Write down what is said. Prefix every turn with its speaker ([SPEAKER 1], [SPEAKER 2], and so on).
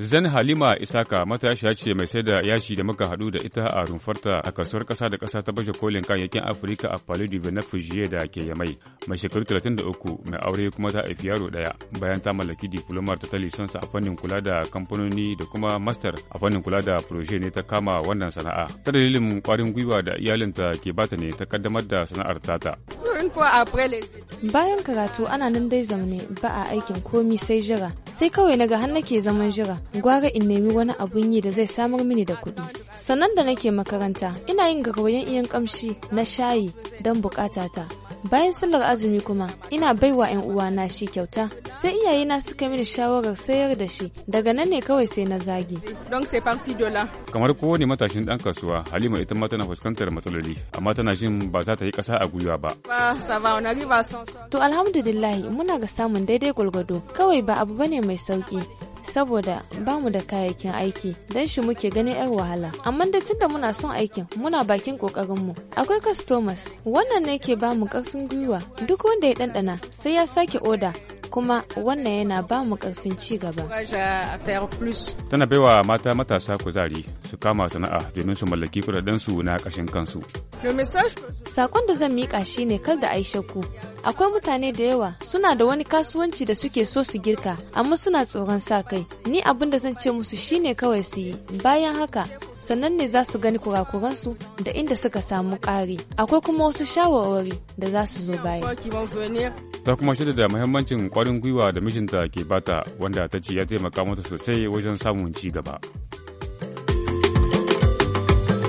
[SPEAKER 1] Zan Halima Isaka matashiya ce mai sai da yashi da muka haɗu da ita a rumfarta a kasuwar kasa da kasa ta baje kolin kayayyakin Afirka a Palu de Benefugiye da ke Yamai. Mai shekaru 33 mai aure kuma ta haifi yaro ɗaya bayan ta mallaki diplomar ta talisonsa a fannin kula da kamfanoni da kuma master a fannin kula da proje ne ta kama wannan sana'a. Ta dalilin kwarin gwiwa da iyalinta ke bata ne ta kaddamar da sana'ar ta ta.
[SPEAKER 2] Bayan karatu ana nan dai zaune ba a aikin komi sai jira sai kawai naga har nake zaman jira gwara in nemi wani abun yi da zai samar mini da kuɗi sannan da nake makaranta ina yin garwayen iyan kamshi na shayi don bukatata Bayan sallar azumi kuma ina baiwa 'yan uwana shi kyauta sai iyayena suka mini shawarar sayar da shi daga nan ne kawai sai na zagi.
[SPEAKER 1] Kamar kowane matashin dan kasuwa Halima ita ma tana fuskantar matsaloli amma tana jin ba za ta yi kasa a gwiwa ba.
[SPEAKER 2] To alhamdulillahi muna ga samun daidai gwalgwado kawai ba abu bane mai sauki saboda ba mu da kayayyakin aiki don shi muke ganin yar wahala amma da tunda muna son aikin muna bakin mu. akwai kastomas. wannan ne ke ba mu karfin gwiwa duk wanda ya ɗanɗana sai ya sake oda kuma wannan yana ba mu ƙarfin ci gaba.
[SPEAKER 1] Tana baiwa mata matasa kuzari su kama sana'a domin su mallaki kudadensu na ƙashin kansu.
[SPEAKER 2] Sakon da zan mika shi ne kar da a ku shakku. Akwai mutane da yawa suna da wani kasuwanci da suke so su girka amma suna tsoron sa kai. Ni abin da zan ce musu shine kawai su yi. Bayan haka sannan ne za su gani kurakuransu da inda suka samu ƙari akwai kuma wasu shawarwari da za su zo baya.
[SPEAKER 1] ta kuma shirya da muhimmancin kwarin gwiwa da mijinta ke bata wanda ta ce ya taimaka mata sosai wajen samun ci gaba.